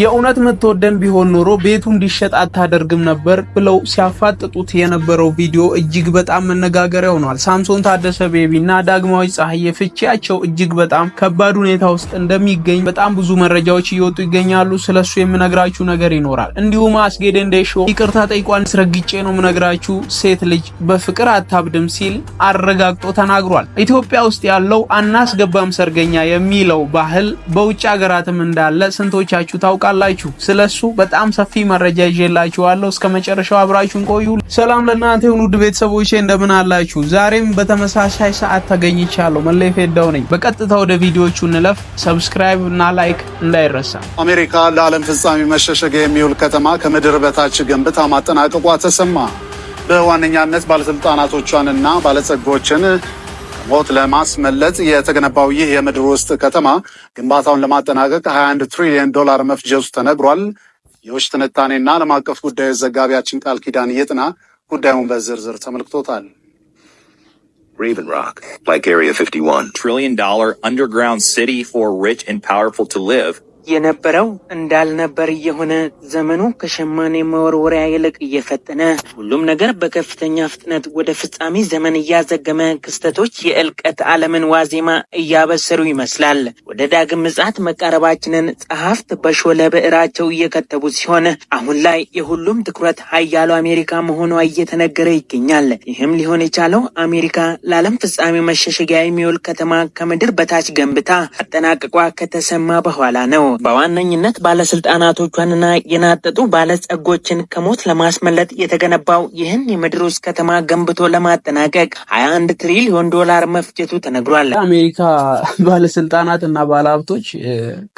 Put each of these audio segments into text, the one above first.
የእውነት የምትወደን ቢሆን ኖሮ ቤቱ እንዲሸጥ አታደርግም ነበር ብለው ሲያፋጥጡት የነበረው ቪዲዮ እጅግ በጣም መነጋገሪያ ሆኗል። ሳምሶን ታደሰ ቤቢ እና ዳግማዊ ፀሐዬ ፍቺያቸው እጅግ በጣም ከባድ ሁኔታ ውስጥ እንደሚገኝ በጣም ብዙ መረጃዎች እየወጡ ይገኛሉ። ስለሱ የምነግራችሁ ነገር ይኖራል። እንዲሁም አስጌ ዴንዴሾ ይቅርታ ጠይቋን ስረግጬ ነው የምነግራችሁ፣ ሴት ልጅ በፍቅር አታብድም ሲል አረጋግጦ ተናግሯል። ኢትዮጵያ ውስጥ ያለው አናስገባም ሰርገኛ የሚለው ባህል በውጭ ሀገራትም እንዳለ ስንቶቻችሁ ታውቃል? ታውቃላችሁ። ስለሱ በጣም ሰፊ መረጃ ይዤላችኋለሁ። እስከ መጨረሻው አብራችሁን ቆዩ። ሰላም ለእናንተ ይሁን ውድ ቤተሰቦቼ፣ እንደምን አላችሁ? ዛሬም በተመሳሳይ ሰዓት ተገኝቻለሁ። መለይ ፌዳው ነኝ። በቀጥታ ወደ ቪዲዮቹ እንለፍ። ሰብስክራይብ እና ላይክ እንዳይረሳ። አሜሪካ ለዓለም ፍጻሜ መሸሸገ የሚውል ከተማ ከምድር በታች ገንብታ ማጠናቀቋ ተሰማ። በዋነኛነት ባለስልጣናቶቿንና ባለጸጎችን ሞት ለማስመለጥ የተገነባው ይህ የምድር ውስጥ ከተማ ግንባታውን ለማጠናቀቅ 21 ትሪሊዮን ዶላር መፍጀቱ ተነግሯል። የውጭ ትንታኔና ዓለም አቀፍ ጉዳዮች ዘጋቢያችን ቃል ኪዳን የጥና ጉዳዩን በዝርዝር ተመልክቶታል። Raven Rock, like Area 51. Trillion dollar underground city for rich and powerful to live. የነበረው እንዳልነበር እየሆነ ዘመኑ ከሸማኔ መወርወሪያ ይልቅ እየፈጠነ ሁሉም ነገር በከፍተኛ ፍጥነት ወደ ፍጻሜ ዘመን እያዘገመ ክስተቶች የእልቀት ዓለምን ዋዜማ እያበሰሩ ይመስላል። ወደ ዳግም ምጽአት መቃረባችንን ጸሐፍት በሾለ ብዕራቸው እየከተቡ ሲሆን አሁን ላይ የሁሉም ትኩረት ሀያሉ አሜሪካ መሆኗ እየተነገረ ይገኛል። ይህም ሊሆን የቻለው አሜሪካ ለዓለም ፍጻሜ መሸሸጊያ የሚውል ከተማ ከምድር በታች ገንብታ አጠናቅቋ ከተሰማ በኋላ ነው። በዋነኝነት ባለስልጣናቶቿንና የናጠጡ ባለጸጎችን ከሞት ለማስመለጥ የተገነባው ይህን የምድር ውስጥ ከተማ ገንብቶ ለማጠናቀቅ ሀያ አንድ ትሪሊዮን ዶላር መፍጀቱ ተነግሯል። የአሜሪካ ባለስልጣናት እና ባለሀብቶች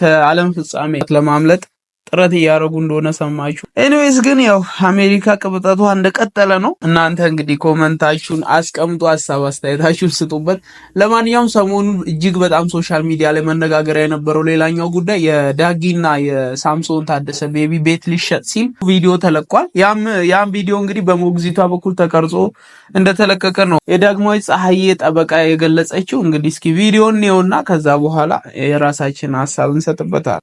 ከዓለም ፍጻሜ ለማምለጥ ጥረት እያደረጉ እንደሆነ ሰማችሁ። ኤኒዌይስ ግን ያው አሜሪካ ቅብጠቷ እንደቀጠለ ነው። እናንተ እንግዲህ ኮመንታችሁን አስቀምጡ፣ ሀሳብ አስተያየታችሁን ስጡበት። ለማንኛውም ሰሞኑ እጅግ በጣም ሶሻል ሚዲያ ላይ መነጋገሪያ የነበረው ሌላኛው ጉዳይ የዳጊና የሳምሶን ታደሰ ቤቢ ቤት ሊሸጥ ሲል ቪዲዮ ተለቋል። ያም ቪዲዮ እንግዲህ በሞግዚቷ በኩል ተቀርጾ እንደተለቀቀ ነው የዳግማዊ ፀሐዬ ጠበቃ የገለጸችው። እንግዲህ እስኪ ቪዲዮን ነውና ከዛ በኋላ የራሳችን ሀሳብ እንሰጥበታል።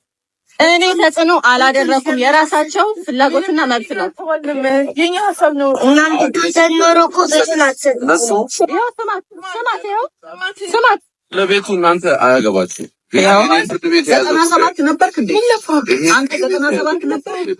እኔ ተጽዕኖ አላደረኩም። የራሳቸው ፍላጎትና መብት ነው። የኛ ሀሳብ ነው። ስማት ለቤቱ እናንተ አያገባችሁ። ዘጠና ሰባት ነበርክ እንዴ? አንተ ዘጠና ሰባት ነበርክ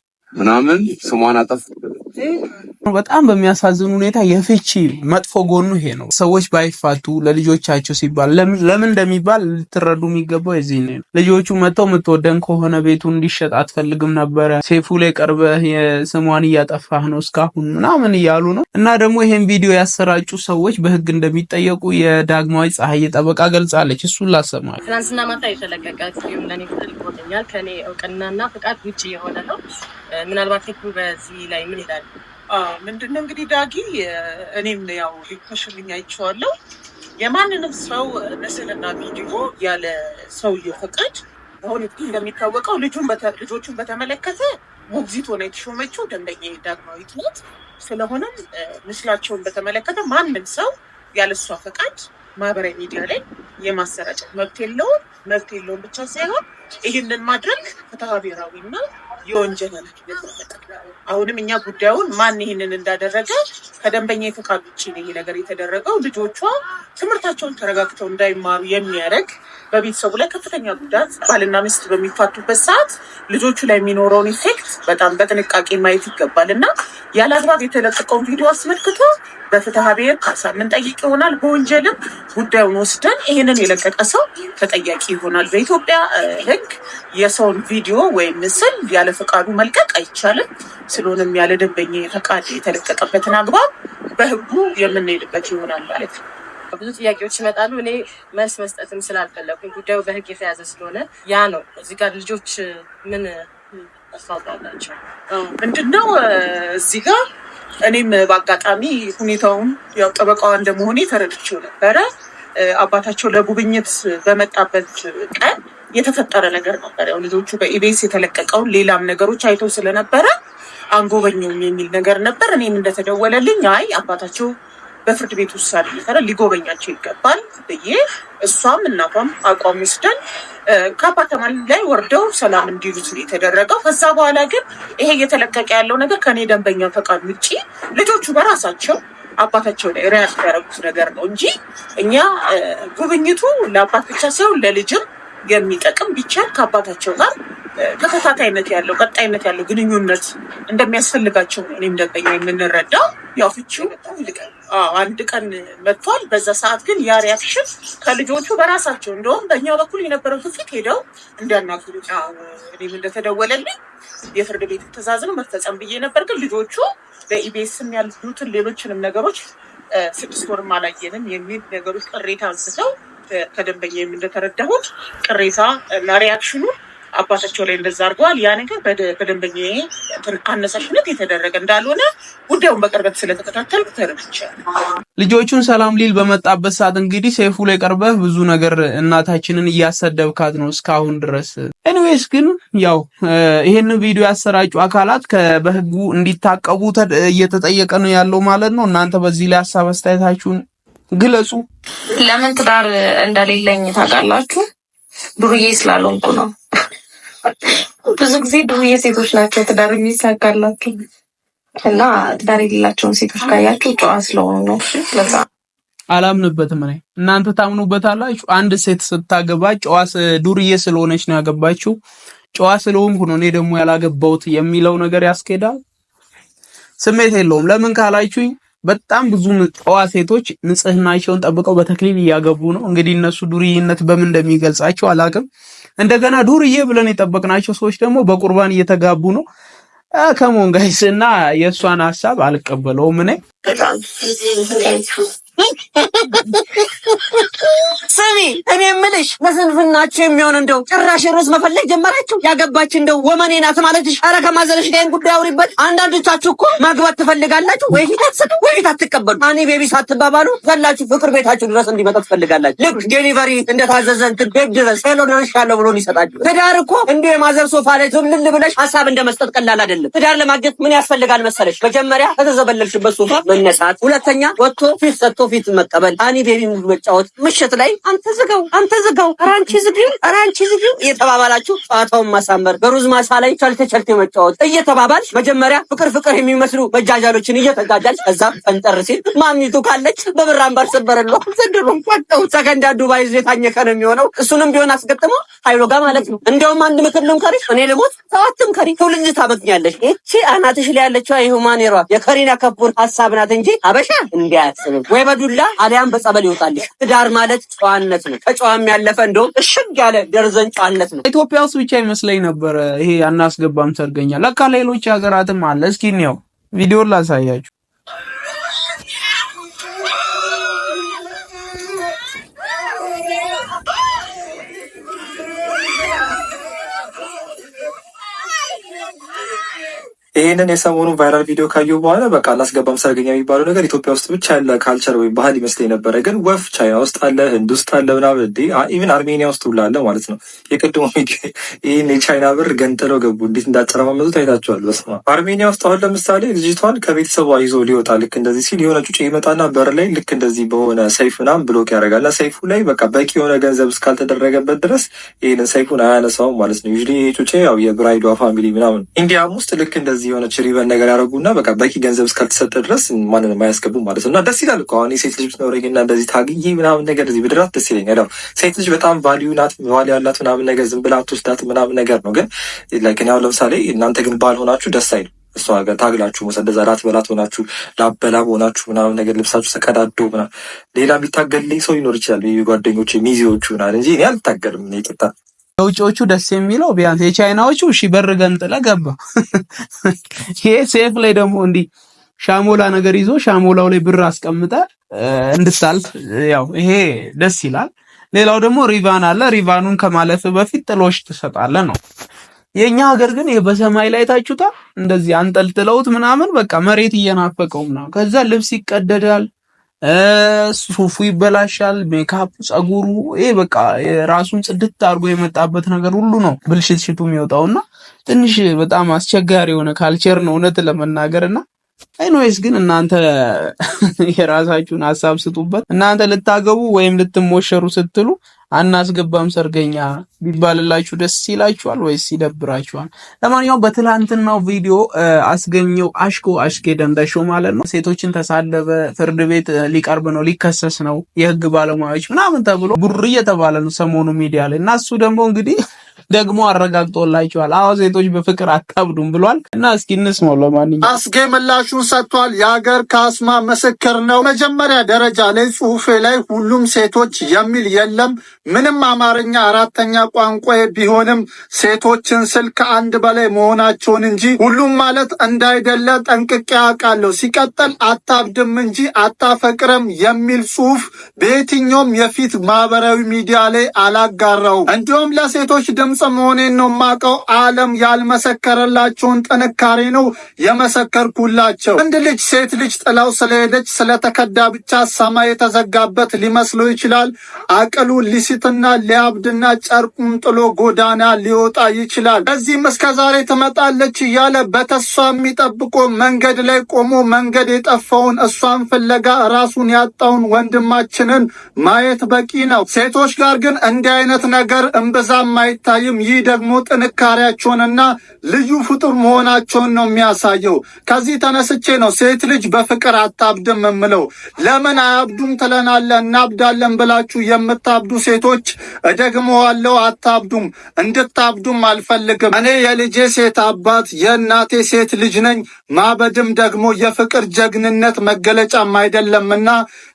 ምናምን ስሟን አጠፍ በጣም በሚያሳዝን ሁኔታ የፍቺ መጥፎ ጎኑ ይሄ ነው። ሰዎች ባይፋቱ ለልጆቻቸው ሲባል ለምን እንደሚባል ልትረዱ የሚገባው የዚህ ነው። ልጆቹ መጥተው የምትወደን ከሆነ ቤቱ እንዲሸጥ አትፈልግም ነበረ፣ ሴፉ ላይ ቀርበህ የስሟን እያጠፋህ ነው እስካሁን ምናምን እያሉ ነው። እና ደግሞ ይሄን ቪዲዮ ያሰራጩ ሰዎች በህግ እንደሚጠየቁ የዳግማዊ ፀሐይ ጠበቃ ገልጻለች። እሱን ላሰማል። ትናንትና ማታ የተለቀቀ ይመስለኛል። ከኔ እውቅናና ፍቃድ ውጭ የሆነ ነው። ምናልባት ህጉ በዚህ ላይ ምን ይላል? ምንድነው እንግዲህ ዳጊ፣ እኔም ያው ኮሽልኛ አይቼዋለሁ። የማንንም ሰው ምስልና ቪዲዮ ያለ ሰውየው ፍቃድ አሁን እንደሚታወቀው ልጆቹን በተመለከተ ሞግዚት ሆነ የተሾመችው ደንበኛ ዳግማዊት ናት። ስለሆነም ምስላቸውን በተመለከተ ማንም ሰው ያለ እሷ ፈቃድ ማህበራዊ ሚዲያ ላይ የማሰራጨት መብት የለውም። መብት የለውም ብቻ ሳይሆን ይህንን ማድረግ ፍትሐ ብሔራዊና የወንጀል አሁንም እኛ ጉዳዩን ማን ይህንን እንዳደረገ ከደንበኛ የፈቃድ ውጭ ይሄ ነገር የተደረገው ልጆቿ ትምህርታቸውን ተረጋግተው እንዳይማሩ የሚያደርግ በቤተሰቡ ላይ ከፍተኛ ጉዳት ባልና ሚስት በሚፋቱበት ሰዓት ልጆቹ ላይ የሚኖረውን ኢፌክት በጣም በጥንቃቄ ማየት ይገባል እና ያለ አግባብ የተለቀቀውን ቪዲዮ አስመልክቶ በፍትሐ ብሔር ካሳ የምንጠይቅ ይሆናል። በወንጀልም ጉዳዩን ወስደን ይህንን የለቀቀ ሰው ተጠያቂ ይሆናል። በኢትዮጵያ ሕግ የሰውን ቪዲዮ ወይም ምስል ያለ ፈቃዱ መልቀቅ አይቻልም። ስለሆነም ያለ ደንበኛ ፈቃድ የተለቀቀበትን አግባብ በሕጉ የምንሄድበት ይሆናል ማለት ነው። ብዙ ጥያቄዎች ይመጣሉ። እኔ መልስ መስጠትም ስላልፈለኩኝ ጉዳዩ በህግ የተያዘ ስለሆነ ያ ነው። እዚህ ጋር ልጆች ምን አስታውቃላቸው ምንድነው እዚህ ጋር እኔም በአጋጣሚ ሁኔታውን ያው ጠበቃዋ እንደመሆኔ ተረድቼው ነበረ። አባታቸው ለጉብኝት በመጣበት ቀን የተፈጠረ ነገር ነበር። ያው ልጆቹ በኢቤስ የተለቀቀውን ሌላም ነገሮች አይተው ስለነበረ አንጎበኘውም የሚል ነገር ነበር። እኔም እንደተደወለልኝ አይ አባታቸው በፍርድ ቤት ውሳኔ መሰረት ሊጎበኛቸው ይገባል ብዬ እሷም እናቷም አቋም ወስደን ከአፓርታማ ላይ ወርደው ሰላም እንዲሉት የተደረገው። ከዛ በኋላ ግን ይሄ እየተለቀቀ ያለው ነገር ከኔ ደንበኛ ፈቃድ ውጭ ልጆቹ በራሳቸው አባታቸው ላይ ሪያክት ያደረጉት ነገር ነው እንጂ እኛ ጉብኝቱ ለአባት ብቻ ሳይሆን ለልጅም የሚጠቅም ቢቻል ከአባታቸው ጋር ተከታታይነት ያለው ቀጣይነት ያለው ግንኙነት እንደሚያስፈልጋቸው ነው እኔም ደንበኛ የምንረዳው ያው ፍቺው በጣም ይልቃል። አንድ ቀን መጥቷል። በዛ ሰዓት ግን ያ ሪያክሽን ከልጆቹ በራሳቸው እንደውም በእኛ በኩል የነበረው ትፊት ሄደው እንዲያናግሩ እኔም እንደተደወለልኝ የፍርድ ቤት ትዕዛዝን መፈጸም ብዬ ነበር። ግን ልጆቹ በኢቢኤስም ያሉትን ሌሎችንም ነገሮች ስድስት ወርም አላየንም የሚል ነገሮች ቅሬታ አንስተው ከደንበኛ የምንደተረዳሁት ቅሬታ እና አባታቸው ላይ እንደዛ አድርገዋል። ያ ነገር በደንበኛ አነሳሽነት የተደረገ እንዳልሆነ ጉዳዩን በቅርበት ስለተከታተል ተረድቻለሁ። ልጆቹን ሰላም ሊል በመጣበት ሰዓት እንግዲህ ሰይፉ ላይ ቀርበህ ብዙ ነገር እናታችንን እያሰደብካት ነው እስካሁን ድረስ። ኤኒዌይስ ግን ያው ይሄንን ቪዲዮ ያሰራጩ አካላት በህጉ እንዲታቀቡ እየተጠየቀ ነው ያለው ማለት ነው። እናንተ በዚህ ላይ ሀሳብ አስተያየታችሁን ግለጹ። ለምን ትዳር እንደሌለኝ ታውቃላችሁ? ዱርዬ ስላልሆንኩ ነው። ብዙ ጊዜ ዱርዬ ሴቶች ናቸው ትዳር የሚሳካላቸው እና ትዳር የሌላቸውን ሴቶች ካያችሁ ጨዋ ስለሆኑ ነው። ለዛ አላምንበትም እኔ። እናንተ ታምኑበታላችሁ? አንድ ሴት ስታገባ ጨዋ ዱርዬ ስለሆነች ነው ያገባችው፣ ጨዋ ስለሆንኩ ነው እኔ ደግሞ ያላገባሁት የሚለው ነገር ያስኬዳል። ስሜት የለውም። ለምን ካላችሁኝ በጣም ብዙ ጨዋ ሴቶች ንጽህናቸውን ጠብቀው በተክሊል እያገቡ ነው። እንግዲህ እነሱ ዱርዬነት በምን እንደሚገልጻቸው አላቅም እንደገና ዱርዬ ብለን የጠበቅናቸው ሰዎች ደግሞ በቁርባን እየተጋቡ ነው። ከሞን ጋይስ እና የእሷን ሀሳብ አልቀበለውም እኔ ስሚ እኔ ምልሽ ለስንፍናችሁ የሚሆን እንደው ጭራሽ ርዕስ መፈለግ ጀመራችሁ። ያገባች እንደው ወመኔ ናት ማለትሽ። ኧረ ከማዘለሽ ጋይን ጉዳይ አውሪበት። አንዳንዶቻችሁ እኮ ማግባት ትፈልጋላችሁ፣ ወይ ፊት አትሰጡ፣ ወይ ፊት አትቀበሉ። አኔ ቤቢ ሳትባባሉ ዘላችሁ ፍቅር ቤታችሁ ድረስ እንዲመጣ ትፈልጋላችሁ። ልክ ዴሊቨሪ እንደታዘዘ እንትን ቤት ድረስ ሄሎ ድረስ ያለው ብሎን ይሰጣችሁ። ትዳር እኮ እንዲሁ የማዘር ሶፋ ላይ ትልል ብለሽ ሀሳብ እንደመስጠት ቀላል አይደለም። ትዳር ለማግኘት ምን ያስፈልጋል መሰለሽ? መጀመሪያ ከተዘበለልሽበት ሶፋ መነሳት፣ ሁለተኛ ወጥቶ ፊት ሰጥቶ ፊት መቀበል ሃኒ ቤቢ ሙድ መጫወት፣ ምሽት ላይ አንተ ዝጋው፣ አንተ ዝጋው፣ ኧረ አንቺ ዝጊው፣ ኧረ አንቺ ዝጊው እየተባባላችሁ ጨዋታውን ማሳመር፣ በሩዝ ማሳ ላይ ቻልቴ ቻልቴ መጫወት እየተባባል መጀመሪያ ፍቅር ፍቅር የሚመስሉ መጃጃሎችን እየተጋጃች ከዛ ፈንጠር ሲል ማሚቱ ካለች በብር አምባር ሰበረለ ዘንድሮ ቆጠው ሰከንዳ ዱባይ ይዞ የታኘከ ነው የሚሆነው። እሱንም ቢሆን አስገጥሞ ሀይሎ ጋር ማለት ነው። እንዲያውም አንድ ምክር ልምከሪሽ፣ እኔ ልሞት ሰዋትም ከሪ ትውልድ ታመግኛለሽ። ይቺ አናትሽ ላይ ያለችው የሁማኔሯ የከሪና ከቡር ሀሳብ ናት እንጂ አበሻ እንዲያስብም ወይ በዱላ አሊያም በጸበል ይወጣልሽ። ትዳር ማለት ጨዋነት ነው። ከጨዋም ያለፈ እንደውም እሽግ ያለ ደርዘን ጨዋነት ነው። ኢትዮጵያ ውስጥ ብቻ ይመስለኝ ነበረ ይሄ አናስገባም ሰርገኛ። ለካ ሌሎች ሀገራትም አለ። እስኪ እንየው፣ ቪዲዮን ላሳያችሁ። ይህንን የሰሞኑን ቫይራል ቪዲዮ ካየሁ በኋላ በቃ አላስገባም ሰርገኛ የሚባለው ነገር ኢትዮጵያ ውስጥ ብቻ ያለ ካልቸር ወይም ባህል ይመስለኝ ነበረ። ግን ወፍ ቻይና ውስጥ አለ፣ ህንድ ውስጥ አለ፣ ምናምን ኢቨን አርሜኒያ ውስጥ ሁላ አለ ማለት ነው። የቅድሞ ይህን የቻይና ብር ገንጥለው ገቡ። እንዴት እንዳጨረማመጡት አይታችኋል። በስማ አርሜኒያ ውስጥ አሁን ለምሳሌ ልጅቷን ከቤተሰቧ ይዞ ሊወጣ ልክ እንደዚህ ሲል የሆነ ጩጭ ይመጣና በር ላይ ልክ እንደዚህ በሆነ ሰይፍ ምናምን ብሎክ ያደርጋል። እና ሰይፉ ላይ በቃ በቂ የሆነ ገንዘብ እስካልተደረገበት ድረስ ይህንን ሰይፉን አያነሳውም ማለት ነው። ዩ ጩጭ ያው የብራይዷ ፋሚሊ ምናምን ኢንዲያም ውስጥ ልክ እንደዚህ እንደዚህ የሆነ ሪበል ነገር ያደረጉ ያደረጉና በቃ በቂ ገንዘብ እስካልተሰጠ ድረስ ማንን አያስገቡም ማለት ነው። እና ደስ ይላል እኮ አሁን የሴት ልጅ እና እንደዚህ ታግዬ ምናምን ነገር እዚህ ብድራት ደስ ይለኛል። ያው ሴት ልጅ በጣም ቫሊዩ ናት፣ ቫሊዩ ያላት ምናምን ነገር ዝም ብላ አትወስዳት ምናምን ነገር ነው። ግን ላይክ ያው ለምሳሌ እናንተ ግን ባልሆናችሁ ደስ አይልም። እሷ ጋር ታግላችሁ መሰደዛ ራት በላት ሆናችሁ ላበላብ ሆናችሁ ምናምን ነገር ልብሳችሁ ተቀዳዶ ምናምን ሌላ ቢታገልልኝ ሰው ይኖር ይችላል ጓደኞች ሚዜዎቹ ናል እንጂ እኔ አልታገልም ይቅርታ ከውጭዎቹ ደስ የሚለው ቢያንስ የቻይናዎቹ እሺ በር ገንጥለ ገባ። ይሄ ሴፍ ላይ ደግሞ እንዲህ ሻሞላ ነገር ይዞ ሻሞላው ላይ ብር አስቀምጠ እንድታልፍ ያው ይሄ ደስ ይላል። ሌላው ደግሞ ሪቫን አለ። ሪቫኑን ከማለፍ በፊት ጥሎሽ ትሰጣለ ነው። የኛ ሀገር ግን ይሄ በሰማይ ላይ ታችሁታ እንደዚህ አንጠልጥለውት ምናምን በቃ መሬት እየናፈቀው ምናምን ከዛ ልብስ ይቀደዳል። ሱፉ ይበላሻል፣ ሜካፕ፣ ጸጉሩ ይሄ በቃ ራሱን ጽድት አድርጎ የመጣበት ነገር ሁሉ ነው ብልሽት ሽቱ የሚወጣውና ትንሽ በጣም አስቸጋሪ የሆነ ካልቸር ነው እውነት ለመናገር እና አይኖይስ ግን እናንተ የራሳችሁን ሀሳብ ስጡበት። እናንተ ልታገቡ ወይም ልትሞሸሩ ስትሉ አናስገባም ሰርገኛ ቢባልላችሁ ደስ ይላችኋል ወይስ ይደብራችኋል? ለማንኛውም በትላንትናው ቪዲዮ አስገኘው አሽኮ አሽኬ ደንዳሾ ማለት ነው ሴቶችን ተሳደበ፣ ፍርድ ቤት ሊቀርብ ነው፣ ሊከሰስ ነው፣ የህግ ባለሙያዎች ምናምን ተብሎ ቡር እየተባለ ነው ሰሞኑ ሚዲያ ላይ እና እሱ ደግሞ እንግዲህ ደግሞ አረጋግጦላችኋል። አዎ ሴቶች በፍቅር አታብዱም ብሏል እና እስኪ እንስማው። ለማንኛውም አስጌ ምላሹን ሰጥቷል። የሀገር ካስማ ምስክር ነው። መጀመሪያ ደረጃ ላይ ጽሁፌ ላይ ሁሉም ሴቶች የሚል የለም። ምንም አማርኛ አራተኛ ቋንቋ ቢሆንም ሴቶችን ስል ከአንድ በላይ መሆናቸውን እንጂ ሁሉም ማለት እንዳይደለ ጠንቅቄ አውቃለሁ። ሲቀጠል አታብድም እንጂ አታፈቅርም የሚል ጽሁፍ በየትኛውም የፊት ማህበራዊ ሚዲያ ላይ አላጋራው እንዲሁም ለሴቶች ድምፅ ግልጽ መሆኔን ነው የማውቀው። ዓለም ያልመሰከረላቸውን ጥንካሬ ነው የመሰከርኩላቸው። ወንድ ልጅ ሴት ልጅ ጥላው ስለሄደች ስለተከዳ ብቻ ሰማይ የተዘጋበት ሊመስለው ይችላል። አቅሉ ሊስትና ሊያብድና ጨርቁን ጥሎ ጎዳና ሊወጣ ይችላል። በዚህም እስከ ዛሬ ትመጣለች እያለ በተስፋ የሚጠብቆ መንገድ ላይ ቆሞ መንገድ የጠፋውን እሷን ፍለጋ ራሱን ያጣውን ወንድማችንን ማየት በቂ ነው። ሴቶች ጋር ግን እንዲህ አይነት ነገር እምብዛም አይታይም። አይታዩም። ይህ ደግሞ ጥንካሬያቸውንና ልዩ ፍጡር መሆናቸውን ነው የሚያሳየው። ከዚህ ተነስቼ ነው ሴት ልጅ በፍቅር አታብድም የምለው። ለምን አያብዱም ትለናለ፣ እናብዳለን ብላችሁ የምታብዱ ሴቶች እደግመዋለሁ፣ አታብዱም፣ እንድታብዱም አልፈልግም። እኔ የልጄ ሴት አባት፣ የእናቴ ሴት ልጅ ነኝ። ማበድም ደግሞ የፍቅር ጀግንነት መገለጫም አይደለምና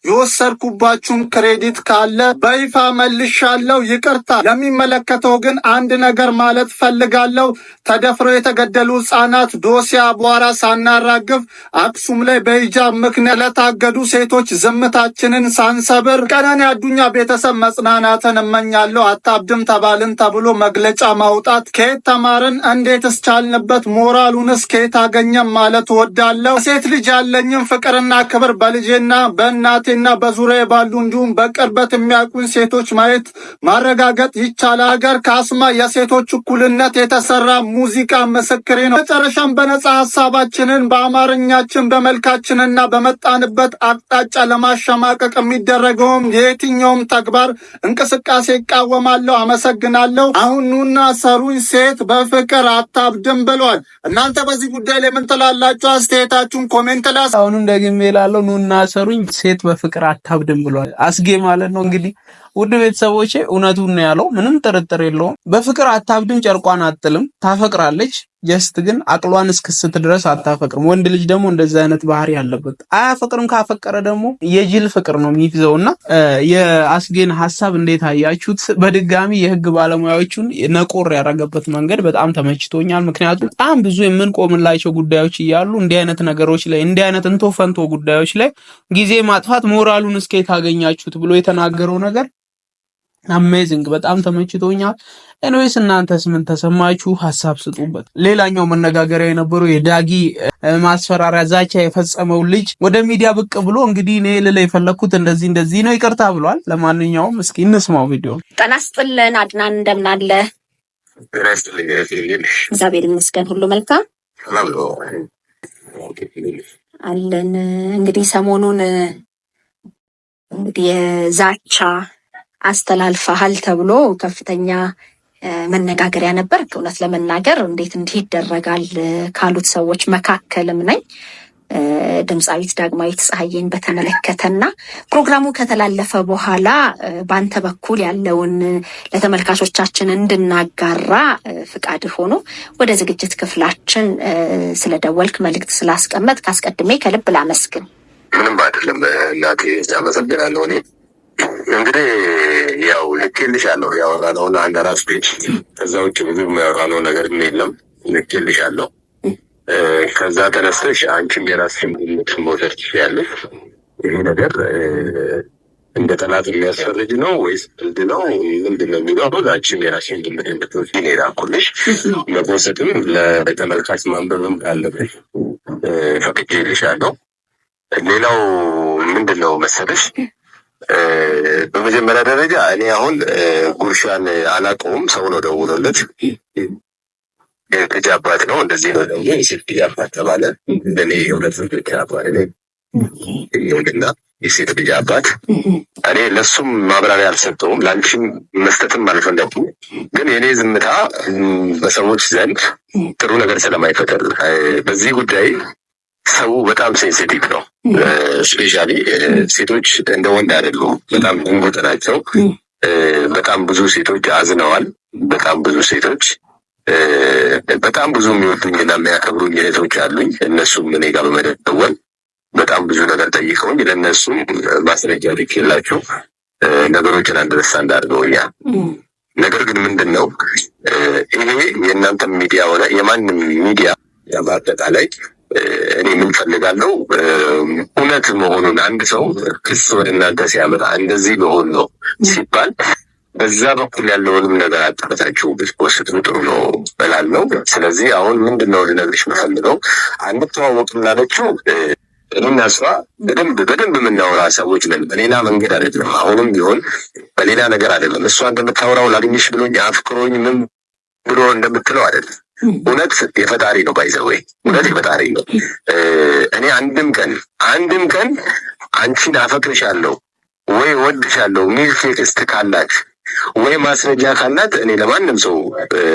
የወሰድኩባችሁን ክሬዲት ካለ በይፋ መልሻለሁ። ይቅርታ። ለሚመለከተው ግን አንድ ነገር ማለት ፈልጋለሁ። ተደፍረው የተገደሉ ህጻናት ዶሴ አቧራ ሳናራግፍ አክሱም ላይ በሂጃብ ምክንያት ለታገዱ ሴቶች ዝምታችንን ሳንሰብር ቀነኒ አዱኛ ቤተሰብ መጽናናትን እመኛለሁ። አታብድም ተባልን ተብሎ መግለጫ ማውጣት ከየት ተማርን? እንዴት እስቻልንበት? ሞራሉንስ ከየት አገኘም ማለት እወዳለሁ። ሴት ልጅ ያለኝም ፍቅርና ክብር በልጄና በእናቴና በዙሪያ ባሉ እንዲሁም በቅርበት የሚያውቁኝ ሴቶች ማየት ማረጋገጥ ይቻላል። ሀገር ከአስማ የሴቶች እኩልነት የተሰራ ሙዚቃ ምስክሬ ነው። መጨረሻም በነጻ ሀሳባችንን በአማርኛችን በመልካችንና በመጣንበት አቅጣጫ ለማሸማቀቅ የሚደረገውም የየትኛውም ተግባር እንቅስቃሴ ይቃወማለሁ። አመሰግናለሁ። አሁኑና ሰሩኝ ሴት በፍቅር አታብድም ብሏል። እናንተ በዚህ ጉዳይ ላይ ምን ትላላችሁ? አስተያየታችሁን ኮሜንት ላስ አሁኑ ደግሜ ኑና ሰሩኝ ሴት በፍቅር አታብድም ብሏል። አስጌ ማለት ነው እንግዲህ ውድ ቤተሰቦቼ እውነቱን ነው ያለው፣ ምንም ጥርጥር የለውም። በፍቅር አታብድም፣ ጨርቋን አጥልም፣ ታፈቅራለች። ጀስት ግን አቅሏን እስክስት ድረስ አታፈቅርም። ወንድ ልጅ ደግሞ እንደዚህ አይነት ባህሪ ያለበት አያፈቅርም። ካፈቀረ ደግሞ የጅል ፍቅር ነው የሚይዘው። እና የአስጌን ሀሳብ እንዴት አያችሁት? በድጋሚ የህግ ባለሙያዎቹን ነቆር ያደረገበት መንገድ በጣም ተመችቶኛል። ምክንያቱም በጣም ብዙ የምንቆምላቸው ጉዳዮች እያሉ እንዲህ አይነት ነገሮች ላይ እንዲህ አይነት እንቶ ፈንቶ ጉዳዮች ላይ ጊዜ ማጥፋት ሞራሉን እስከ አገኛችሁት ብሎ የተናገረው ነገር አሜዚንግ በጣም ተመችቶኛል። ኤንዌስ እናንተስ ምን ተሰማችሁ? ሀሳብ ስጡበት። ሌላኛው መነጋገሪያ የነበረው የዳጊ ማስፈራሪያ ዛቻ የፈጸመው ልጅ ወደ ሚዲያ ብቅ ብሎ እንግዲህ እኔ ልል የፈለግኩት እንደዚህ እንደዚህ ነው ይቅርታ ብሏል። ለማንኛውም እስኪ እንስማው ቪዲዮ። ጤና ይስጥልን አድናን፣ እንደምናለ። እግዚአብሔር ይመስገን ሁሉ መልካም አለን። እንግዲህ ሰሞኑን እንግዲህ የዛቻ አስተላልፈሃል ተብሎ ከፍተኛ መነጋገሪያ ነበር። እውነት ለመናገር እንዴት እንዲህ ይደረጋል ካሉት ሰዎች መካከልም ነኝ። ድምፃዊት ዳግማዊት ፀሐዬን በተመለከተና ፕሮግራሙ ከተላለፈ በኋላ በአንተ በኩል ያለውን ለተመልካቾቻችን እንድናጋራ ፍቃድ ሆኖ ወደ ዝግጅት ክፍላችን ስለደወልክ መልእክት ስላስቀመጥ ካስቀድሜ ከልብ ላመስግን። ምንም አይደለም እናቴ፣ አመሰግናለሁ እኔ እንግዲህ ያው ልኬልሻለሁ ያወራነውን አንድ አራት ፔጅ ከዛ ውጭ ብዙ ያወራነው ነገር የለም። ልኬልሻለሁ። ከዛ ተነስተሽ አንቺም የራስሽን ግምት መውሰድ ትችያለሽ። ይሄ ነገር እንደ ጠላት የሚያስፈልግ ነው ወይስ ፍልድ ነው ምንድን ነው የሚለው ዛችም የራስሽን ግምት እንድትወስድ ነው የላኩልሽ። ለመውሰድም ለተመልካች ማንበብም ካለብሽ ፈቅጄልሻለሁ። ሌላው ምንድን ነው መሰለሽ በመጀመሪያ ደረጃ እኔ አሁን ጉርሻን አላውቀውም። ሰው ነው ደውሎለት ልጅ አባት ነው እንደዚህ ነው ደግሞ የሴት ልጅ አባት ተባለ። እኔ የሁለት ልጆች አባት እና የሴት ልጅ አባት እኔ ለሱም ማብራሪያ አልሰጠውም፣ ለአንቺም መስጠትም አልፈለኩም። ግን የእኔ ዝምታ በሰዎች ዘንድ ጥሩ ነገር ስለማይፈጠር በዚህ ጉዳይ ሰው በጣም ሴንሲቲቭ ነው። ስፔሻሊ ሴቶች እንደ ወንድ አይደሉም። በጣም እንጎጥ ናቸው። በጣም ብዙ ሴቶች አዝነዋል። በጣም ብዙ ሴቶች በጣም ብዙ የሚወዱኝና የሚያከብሩኝ እህቶች አሉኝ። እነሱም እኔ ጋር በመደወል በጣም ብዙ ነገር ጠይቀውኝ ለእነሱም ማስረጃ ልኬላቸው ነገሮችን አንድረሳ እንዳድርገውኛል። ነገር ግን ምንድን ነው ይሄ የእናንተ ሚዲያ ሆነ የማንም ሚዲያ በአጠቃላይ እኔ ምን ፈልጋለው እውነት መሆኑን አንድ ሰው ክስ ወደ እናንተ ሲያመጣ እንደዚህ መሆን ነው ሲባል በዛ በኩል ያለውንም ነገር አጣርታችሁ ብትወስዱ ጥሩ ነው እላለሁ። ስለዚህ አሁን ምንድን ነው ልነግርሽ የምፈልገው አንተዋወቅም ላለችው እኔና እሷ በደንብ በደንብ የምናወራ ሰዎች ነን። በሌላ መንገድ አይደለም፣ አሁንም ቢሆን በሌላ ነገር አይደለም። እሷ እንደምታወራው ላግኝሽ ብሎኝ አፍቅሮኝ ምን ብሎ እንደምትለው አይደለም። እውነት የፈጣሪ ነው። ባይዘዌ እውነት የፈጣሪ ነው። እኔ አንድም ቀን አንድም ቀን አንቺን አፈቅርሻለሁ ወይ እወድሻለሁ ሚል ቴክስት ካላት ወይ ማስረጃ ካላት እኔ ለማንም ሰው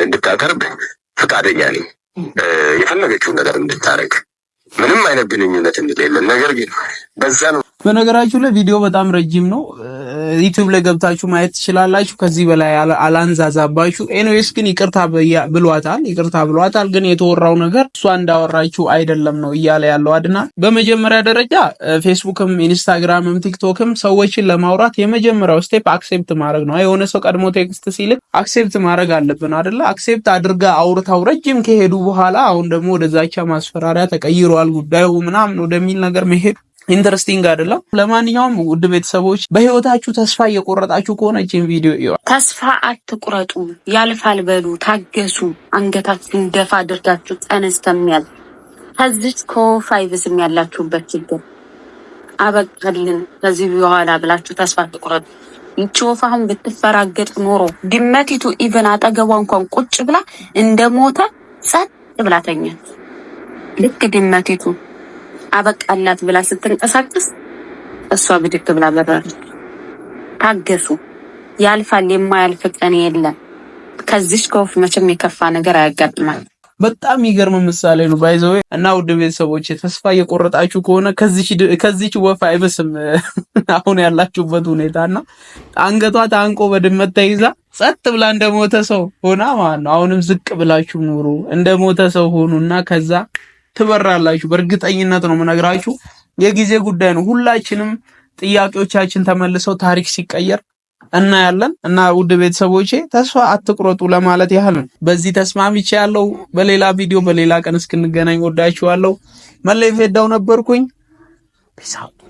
እንድታቀርብ ፈቃደኛ ነኝ። የፈለገችውን ነገር እንድታረግ ምንም አይነት ግንኙነት እንደሌለን ነገር ግን በዛ በነገራችሁ ላይ ቪዲዮ በጣም ረጅም ነው። ዩቲዩብ ላይ ገብታችሁ ማየት ትችላላችሁ። ከዚህ በላይ አላንዛዛባችሁ። ኤኒዌይስ ግን ይቅርታ ብሏታል፣ ይቅርታ ብሏታል። ግን የተወራው ነገር እሷ እንዳወራችሁ አይደለም ነው እያለ ያለው አድና። በመጀመሪያ ደረጃ ፌስቡክም ኢንስታግራምም ቲክቶክም ሰዎችን ለማውራት የመጀመሪያው ስቴፕ አክሴፕት ማድረግ ነው። የሆነ ሰው ቀድሞ ቴክስት ሲልክ አክሴፕት ማድረግ አለብን አይደለ? አክሴፕት አድርጋ አውርታው ረጅም ከሄዱ በኋላ አሁን ደግሞ ወደዛቻ ማስፈራሪያ ተቀይሯል ጉዳዩ ምናምን ወደሚል ነገር መሄድ ኢንተረስቲንግ አይደለም። ለማንኛውም ውድ ቤተሰቦች በህይወታችሁ ተስፋ እየቆረጣችሁ ከሆነ ይህችን ቪዲዮ ይዋል። ተስፋ አትቁረጡ፣ ያልፋል በሉ፣ ታገሱ። አንገታችሁን ደፋ አድርጋችሁ ቀን እስከሚያልፍ ከዚች ከወፍ አይብስም ያላችሁበት ችግር አበቃልን ከዚህ በኋላ ብላችሁ ተስፋ አትቁረጡ። ይቺ ወፍ አሁን ብትፈራገጥ ኖሮ ድመቲቱ ኢቨን አጠገቧ እንኳን ቁጭ ብላ እንደ ሞተ ጸጥ ብላ ተኛች ልክ ድመቲቱ አበቃላት ብላ ስትንቀሳቀስ እሷ ብድግ ብላ በራለች። ታገሱ፣ ያልፋል። የማያልፍ ቀን የለም። ከዚች ከወፍ መቼም የከፋ ነገር አያጋጥማል። በጣም የሚገርም ምሳሌ ነው ባይዘው እና ውድ ቤተሰቦች ተስፋ እየቆረጣችሁ ከሆነ ከዚች ወፍ አይብስም አሁን ያላችሁበት ሁኔታና አንገቷ ታንቆ በድመት ተይዛ ጸጥ ብላ እንደሞተ ሰው ሆና ማለት ነው። አሁንም ዝቅ ብላችሁ ኑሩ፣ እንደሞተ ሰው እና ከዛ ትበራላችሁ። በእርግጠኝነት ነው የምነግራችሁ። የጊዜ ጉዳይ ነው። ሁላችንም ጥያቄዎቻችን ተመልሰው ታሪክ ሲቀየር እናያለን እና ውድ ቤተሰቦቼ ተስፋ አትቁረጡ ለማለት ያህል ነው። በዚህ ተስማምቼ ያለው በሌላ ቪዲዮ በሌላ ቀን እስክንገናኝ ወዳችኋለሁ። መለይ ፌዳው ነበርኩኝ። ፒስ አውት